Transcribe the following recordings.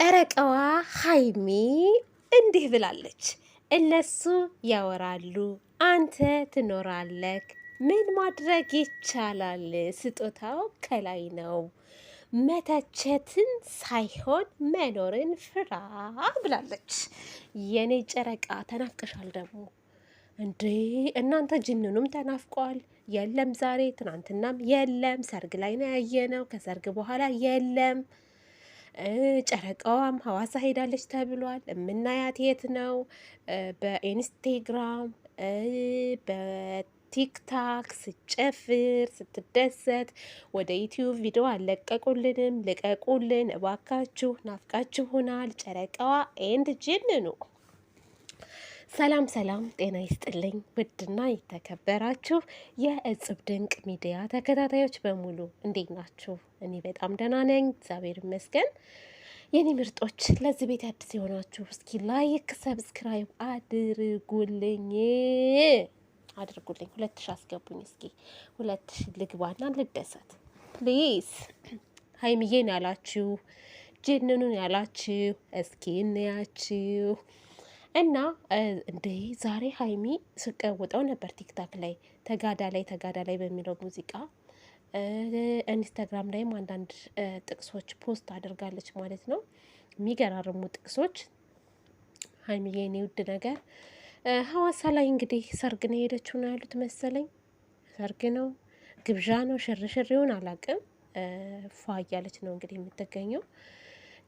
ጨረቀዋ ሀይሚ እንዲህ ብላለች። እነሱ ያወራሉ፣ አንተ ትኖራለህ። ምን ማድረግ ይቻላል? ስጦታው ከላይ ነው። መተቸትን ሳይሆን መኖርን ፍራ ብላለች። የኔ ጨረቃ ተናፍቀሻል ደግሞ እንዴ እናንተ ጅንኑም ተናፍቋል። የለም ዛሬ ትናንትናም የለም ሰርግ ላይ ነው ያየነው። ከሰርግ በኋላ የለም ጨረቃዋም ሀዋሳ ሄዳለች ተብሏል። የምናያት የት ነው? በኢንስቴግራም በቲክታክ ስጨፍር ስትደሰት ወደ ዩቲዩብ ቪዲዮ አለቀቁልንም። ልቀቁልን እባካችሁ፣ ሆናል። ጨረቃዋ ኤንድ ጅን ነው። ሰላም ሰላም፣ ጤና ይስጥልኝ ውድና የተከበራችሁ የእጽብ ድንቅ ሚዲያ ተከታታዮች በሙሉ እንዴት ናችሁ? እኔ በጣም ደህና ነኝ፣ እግዚአብሔር ይመስገን። የኔ ምርጦች፣ ለዚህ ቤት አዲስ የሆናችሁ እስኪ ላይክ፣ ሰብስክራይብ አድርጉልኝ አድርጉልኝ። ሁለት ሺ አስገቡኝ እስኪ ሁለት ሺ ልግባና ልደሰት ፕሊዝ። ሀይምዬን ያላችሁ ጅንኑን ያላችሁ እስኪ እንያችሁ እና እንዴ ዛሬ ሀይሚ ስቀውጠው ነበር ቲክታክ ላይ ተጋዳ ላይ ተጋዳ ላይ በሚለው ሙዚቃ ኢንስታግራም ላይም አንዳንድ ጥቅሶች ፖስት አድርጋለች ማለት ነው። የሚገራርሙ ጥቅሶች ሀይሚ የኔ ውድ ነገር ሀዋሳ ላይ እንግዲህ ሰርግ ነው የሄደችው ነው ያሉት መሰለኝ። ሰርግ ነው ግብዣ ነው ሽርሽር ይሆን አላቅም። ፏ እያለች ነው እንግዲህ የምትገኘው።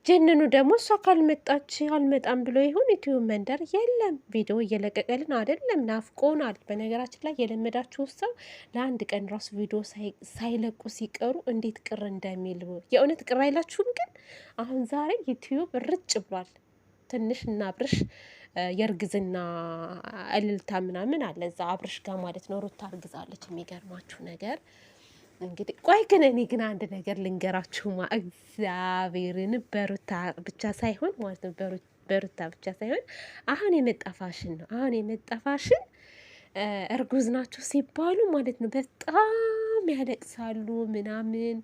ጀንኑ ደግሞ እሷ ካልመጣች አልመጣም ብሎ ይሁን ኢትዮ መንደር የለም ቪዲዮ እየለቀቀልን አይደለም። ናፍቆናል። በነገራችን ላይ የለመዳችሁ ሰው ለአንድ ቀን ራሱ ቪዲዮ ሳይለቁ ሲቀሩ እንዴት ቅር እንደሚል የእውነት ቅር አይላችሁም? ግን አሁን ዛሬ ዩትዩብ ርጭ ብሏል። ትንሽ እና አብርሽ የእርግዝና እልልታ ምናምን አለ እዛ አብርሽ ጋር ማለት ነው። ሩታ እርግዛለች። የሚገርማችሁ ነገር እንግዲህ ቆይ ግን እኔ ግን አንድ ነገር ልንገራችሁማ እግዚአብሔርን በሩታ ብቻ ሳይሆን ማለት ነው በሩታ ብቻ ሳይሆን አሁን የመጣፋሽን ነው። አሁን የመጣ ፋሽን እርጉዝ ናቸው ሲባሉ ማለት ነው በጣም ያለቅሳሉ ምናምን።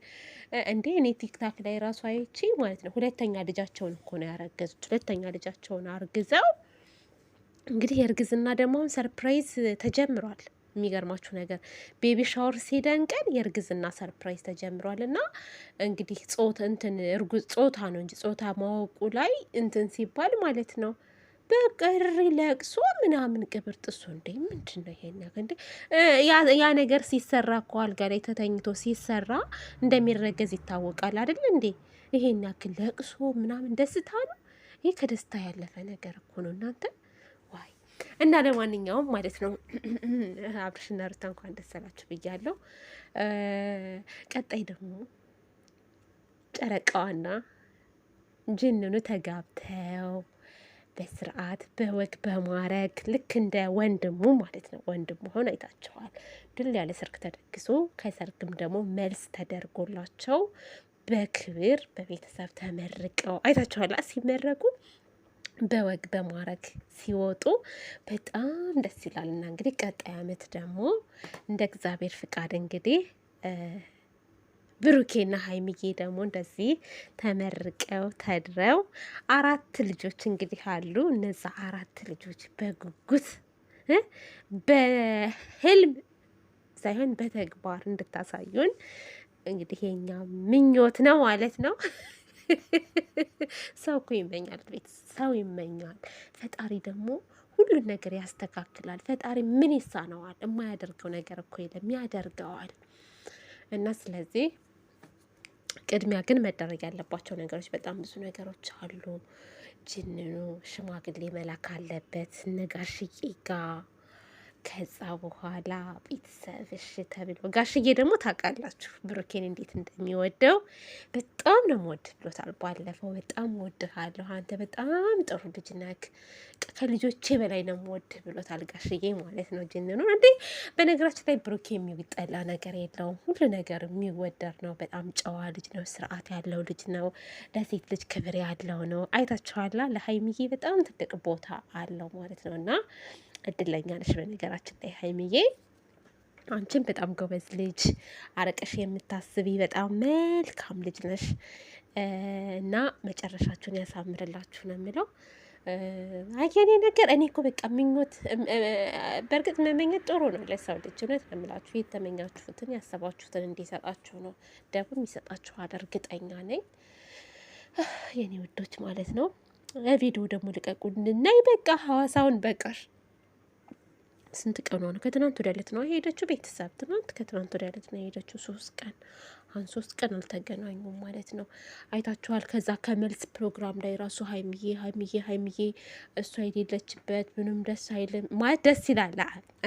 እንዴ እኔ ቲክታክ ላይ ራሱ አይቼ ማለት ነው ሁለተኛ ልጃቸውን እኮ ነው ያረገዙት። ሁለተኛ ልጃቸውን አርግዘው እንግዲህ የእርግዝና ደግሞ አሁን ሰርፕራይዝ ተጀምሯል። የሚገርማችሁ ነገር ቤቢ ሻወር ቀን የእርግዝና ሰርፕራይዝ ተጀምሯል። እና እንግዲህ ጾት እንትን እርጉዝ ጾታ ነው እንጂ ጾታ ማወቁ ላይ እንትን ሲባል ማለት ነው በቅሪ ለቅሶ ምናምን ቅብር ጥሶ እንዴ ምንድን ነው ይሄን ነገር እንዴ? ያ ነገር ሲሰራ እኮ አልጋ ላይ ተተኝቶ ሲሰራ እንደሚረገዝ ይታወቃል አይደል እንዴ? ይሄን ያክል ለቅሶ ምናምን ደስታ ነው ይህ ከደስታ ያለፈ ነገር እኮ ነው እናንተ እና ለማንኛውም ማለት ነው አብርሽና ሩታ እንኳን ደስ አላችሁ ብያለሁ። ቀጣይ ደግሞ ጨረቃዋና ጅንኑ ተጋብተው በስርዓት በወግ በማረግ ልክ እንደ ወንድሙ ማለት ነው ወንድሙ ሆን አይታችኋል። ድል ያለ ሰርግ ተደግሶ ከሰርግም ደግሞ መልስ ተደርጎላቸው በክብር በቤተሰብ ተመርቀው አይታቸዋል ሲመረቁ በወግ በማድረግ ሲወጡ በጣም ደስ ይላል እና እንግዲህ ቀጣይ አመት ደግሞ እንደ እግዚአብሔር ፍቃድ እንግዲህ ብሩኬና ሀይሚዬ ደግሞ እንደዚህ ተመርቀው ተድረው አራት ልጆች እንግዲህ አሉ። እነዛ አራት ልጆች በጉጉት በህልም ሳይሆን በተግባር እንድታሳዩን እንግዲህ የኛ ምኞት ነው ማለት ነው። ሰው እኮ ይመኛል፣ ቤት ሰው ይመኛል። ፈጣሪ ደግሞ ሁሉን ነገር ያስተካክላል። ፈጣሪ ምን ይሳነዋል? የማያደርገው ነገር እኮ የለም፣ ያደርገዋል። እና ስለዚህ ቅድሚያ ግን መደረግ ያለባቸው ነገሮች በጣም ብዙ ነገሮች አሉ። ጅንኑ ሽማግሌ መላክ አለበት ነጋሽዬ ጋ ከዛ በኋላ ቤተሰብ እሺ ተብሎ ጋሽዬ ደግሞ ታውቃላችሁ ብሩኬን እንዴት እንደሚወደው በጣም ነው የምወድህ ብሎታል። ባለፈው በጣም ወድሃለሁ፣ አንተ በጣም ጥሩ ልጅ ነህ፣ ከልጆቼ በላይ ነው የምወድህ ብሎታል ጋሽዬ ማለት ነው። ጅንኑ አንዴ በነገራችን ላይ ብሩኬ የሚጠላ ነገር የለውም፣ ሁሉ ነገር የሚወደር ነው። በጣም ጨዋ ልጅ ነው፣ ስርዓት ያለው ልጅ ነው፣ ለሴት ልጅ ክብር ያለው ነው። አይታችኋላ፣ ለሀይሚዬ በጣም ትልቅ ቦታ አለው ማለት ነው እና እድለኛ ነሽ። በነገራችን ላይ ሀይሚዬ አንቺን በጣም ጎበዝ ልጅ አረቀሽ የምታስቢ በጣም መልካም ልጅ ነሽ እና መጨረሻችሁን ያሳምርላችሁ ነው የምለው። አየኔ ነገር እኔ እኮ በቃ ምኞት፣ በእርግጥ መመኘት ጥሩ ነው ለሰው ልጅ። እውነት ነው የምላችሁ የተመኛችሁትን ያሰባችሁትን እንዲሰጣችሁ ነው፣ ደግሞ ይሰጣችኋል፣ እርግጠኛ ነኝ የእኔ ውዶች ማለት ነው። ቪዲዮ ደግሞ ልቀቁ ልቀቁልንና በቃ ሀዋሳውን በቀር ስንት ቀኗ ነው? ከትናንት ወዲያ ዕለት ነው የሄደችው። ቤተሰብ ትናንት ከትናንት ወዲያ ዕለት ነው የሄደችው። ሶስት ቀን አሁን ሶስት ቀን አልተገናኙም ማለት ነው። አይታችኋል። ከዛ ከመልስ ፕሮግራም ላይ ራሱ ሀይምዬ ሀይምዬ ሀይምዬ እሷ የሌለችበት ምንም ደስ አይልም ማለት ደስ ይላል።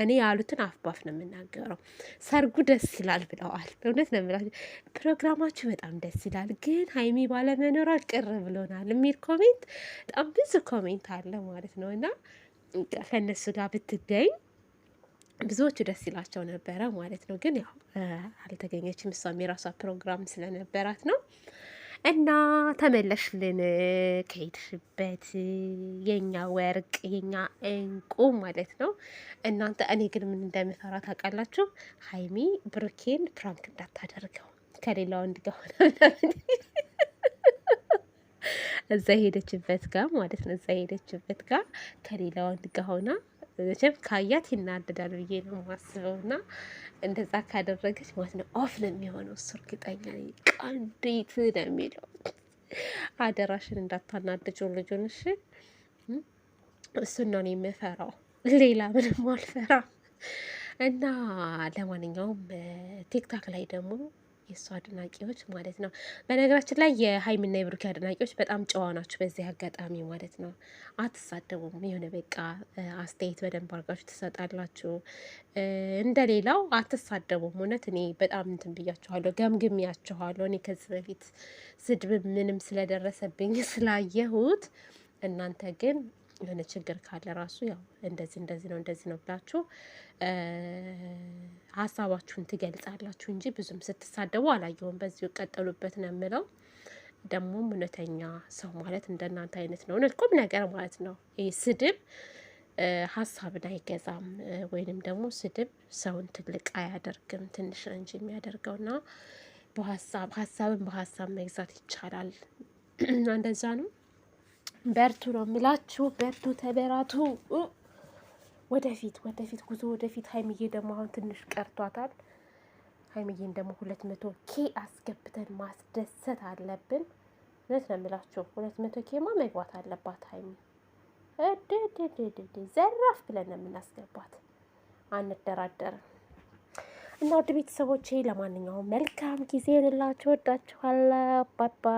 እኔ ያሉትን አፍባፍ ነው የምናገረው። ሰርጉ ደስ ይላል ብለዋል። እውነት ነው የምላቸው ፕሮግራማችሁ በጣም ደስ ይላል፣ ግን ሀይሚ ባለመኖሯ ቅር ብሎናል የሚል ኮሜንት በጣም ብዙ ኮሜንት አለ ማለት ነው እና ከእነሱ ጋር ብትገኝ ብዙዎቹ ደስ ይላቸው ነበረ ማለት ነው። ግን ያው አልተገኘችም። እሷም የራሷ ፕሮግራም ስለነበራት ነው። እና ተመለሽልን ከሄድሽበት የኛ ወርቅ የኛ እንቁ ማለት ነው። እናንተ እኔ ግን ምን እንደምፈራ ታውቃላችሁ? ሀይሚ ብሩኬን ፕራንክ እንዳታደርገው ከሌላ ወንድ ጋር ሆነ እዛ ሄደችበት ጋር ማለት ነው። እዛ ሄደችበት ጋር ከሌላ ወንድ ጋር ሆና መቼም ካያት ይናደዳል ብዬ ነው ማስበው። እና እንደዛ ካደረገች ማለት ነው ኦፍ ነው የሚሆነው እሱ እርግጠኛ ነኝ። ቀንዴት ነው የሚለው አደራሽን እንዳታናድጂው ልጁን እሺ። እሱን ነው የምፈራው፣ ሌላ ምንም አልፈራ። እና ለማንኛውም ቲክታክ ላይ ደግሞ የእሱ አድናቂዎች ማለት ነው። በነገራችን ላይ የሀይሚና የብሩኪ አድናቂዎች በጣም ጨዋ ናቸው። በዚህ አጋጣሚ ማለት ነው አትሳደቡም። የሆነ በቃ አስተያየት በደንብ አርጋችሁ ትሰጣላችሁ። እንደሌላው አትሳደቡም። እውነት እኔ በጣም እንትን ብያችኋለሁ፣ ገምግሜያችኋለሁ። እኔ ከዚህ በፊት ስድብ ምንም ስለደረሰብኝ ስላየሁት እናንተ ግን የሆነ ችግር ካለ ራሱ ያው እንደዚህ እንደዚህ ነው እንደዚህ ነው ብላችሁ ሀሳባችሁን ትገልጻላችሁ እንጂ ብዙም ስትሳደቡ አላየሁም። በዚሁ ቀጠሉበት ነው የምለው። ደግሞ እውነተኛ ሰው ማለት እንደናንተ አይነት ነው፣ እውነት ቁም ነገር ማለት ነው። ይህ ስድብ ሀሳብን አይገዛም፣ ወይንም ደግሞ ስድብ ሰውን ትልቅ አያደርግም፣ ትንሽ እንጂ የሚያደርገውና በሀሳብ ሀሳብን በሀሳብ መግዛት ይቻላል እና እንደዛ ነው። በርቱ ነው የምላችሁ። በርቱ፣ ተበራቱ። ወደፊት ወደፊት ጉዞ ወደፊት። ሀይምዬ ደግሞ አሁን ትንሽ ቀርቷታል። ሀይምዬን ደግሞ ሁለት መቶ ኬ አስገብተን ማስደሰት አለብን። እውነት ነው የምላችሁ። ሁለት መቶ ኬማ መግባት አለባት ሀይሚ። እድድድድድ ዘራፍ ብለን ነው የምናስገባት፣ አንደራደርም። እና ውድ ቤተሰቦቼ ለማንኛውም መልካም ጊዜ እንላችሁ። ወዳችኋለሁ። ባባ